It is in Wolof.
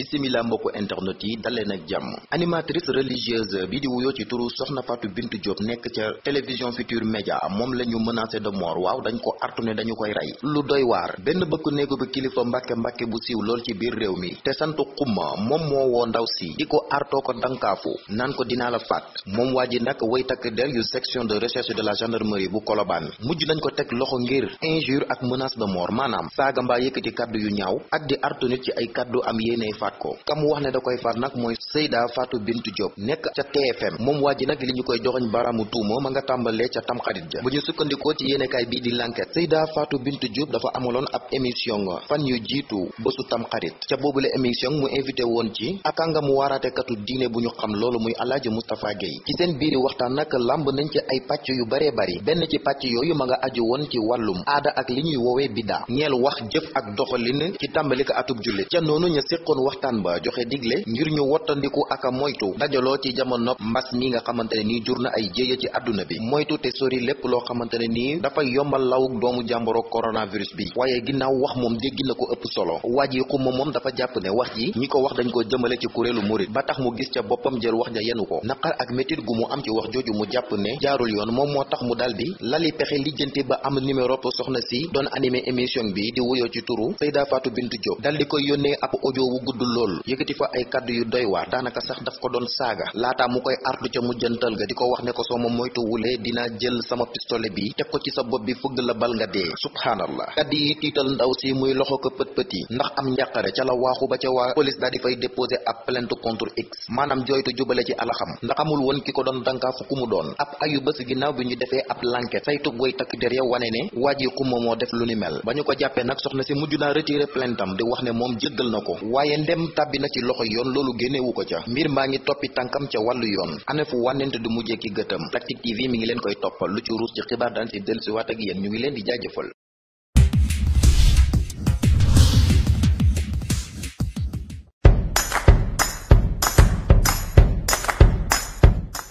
bisimila mbokku internet yi dalee nag jàmm animatrice religieuse bi di wuyoo ci turu soxna Fatou Bintou Diop nekk ca télévision Futur Média moom la ñu menacé de mort waaw dañ ko artu ne dañu koy rey lu doy waar benn bëkk néegu bi kilifa mbàkke mbàkke bu siiw lool ci biir réew mi te sant xumma moom moo woo ndaw si di ko artoo ko dankaafu naan ko dinaa la faat moom waa ji nag way takk der yu section de recherche de la gendarmerie bu Colobane mujj nañ ko teg loxo ngir injure ak menace de mort maanaam saaga mbaa kaddu yu ñaaw faat ko wax ne da koy faat nag mooy Seyda Fatou Bintou Diop nekk ca TFM moom waa ji nag li ñu koy joxoñ baraamu tuuma ma nga tàmbalee ca tamxarit ja bu ñu sukkandikoo ci yéenekaay bii di l'enquête Seyda Fatou Bintou Diop dafa amaloon ab émission nga fan yu jiitu bésu tamxarit ca boobule émission mu invité woon ci ak kàngamu katu diine bu ñu xam loolu muy Alaaji Moustapha Gueye ci seen biiri waxtaan nag làmb nañ ci ay pacc yu baree bari benn ci pàcc yooyu ma nga aju woon ci wàllum aada ak li ñuy woowee bida ñeel wax jëf ak doxalin ci tàmbali ko atub jullit ca noonu ña séqoon wax waxtaan ba joxe digle ngir ñu wottandiku ak a moytu dajaloo ci jamono mbas mi nga xamante ne nii jur na ay jéeya ci àdduna bi moytu te sori lépp loo xamante ne nii dafay yombal lawug doomu jàmboro coronavirus bi waaye ginnaaw wax moom dégg na ko ëpp solo waaj yi xumma moom dafa jàpp ne wax ji ñi ko wax dañ ko jëmale ci kuréelu murit ba tax mu gis ca boppam jël wax ja yenu ko naqar ak métit gu mu am ci wax jooju mu jàpp ne jaarul yoon moom moo tax mu d lali pexe lijjanti ba am numéro soxna si doon animé bi di wuyoo ci turu Seyda Fatou dul loolu yëkkati fa ay kaddu yu doy waar daanaka sax daf ko doon saaga laataa mu koy artu ca mujjantal ga di ko wax ne ko soo ma moytu wulee dinaa jël sama pistolet bi teg ko ci sa bopp bi fëgg la bal nga dee subhaanallah kaddu yi tiital ndaw si muy loxo ko pët pët yi ndax am njàqare ca la waaxu ba ca waa police daal di fay déposer ab plainte contre x maanaam jooytu jubale ci alaxam ndax amul woon ki ko doon dankaa ku mu doon ab ayu bés ginnaaw bi ñu defee ab lanket saytub way takk der ya wane ne waa ji xumma moo def lu ni ba ñu ko jàppee nag soxna si mujj naa retiré plaintam di wax ne moom jëggal na ko dem tàbbi na ci loxo yoon loolu génnewu ko ca mbir maa ngi toppi tànkam ca wàllu yoon ana fu wànnente du mujjee ki gëtam Tactic TV mi ngi leen koy toppal lu ci ruus ci xibaar daan ci dellusiwaat ak yéen ñu ngi leen di jaajëfal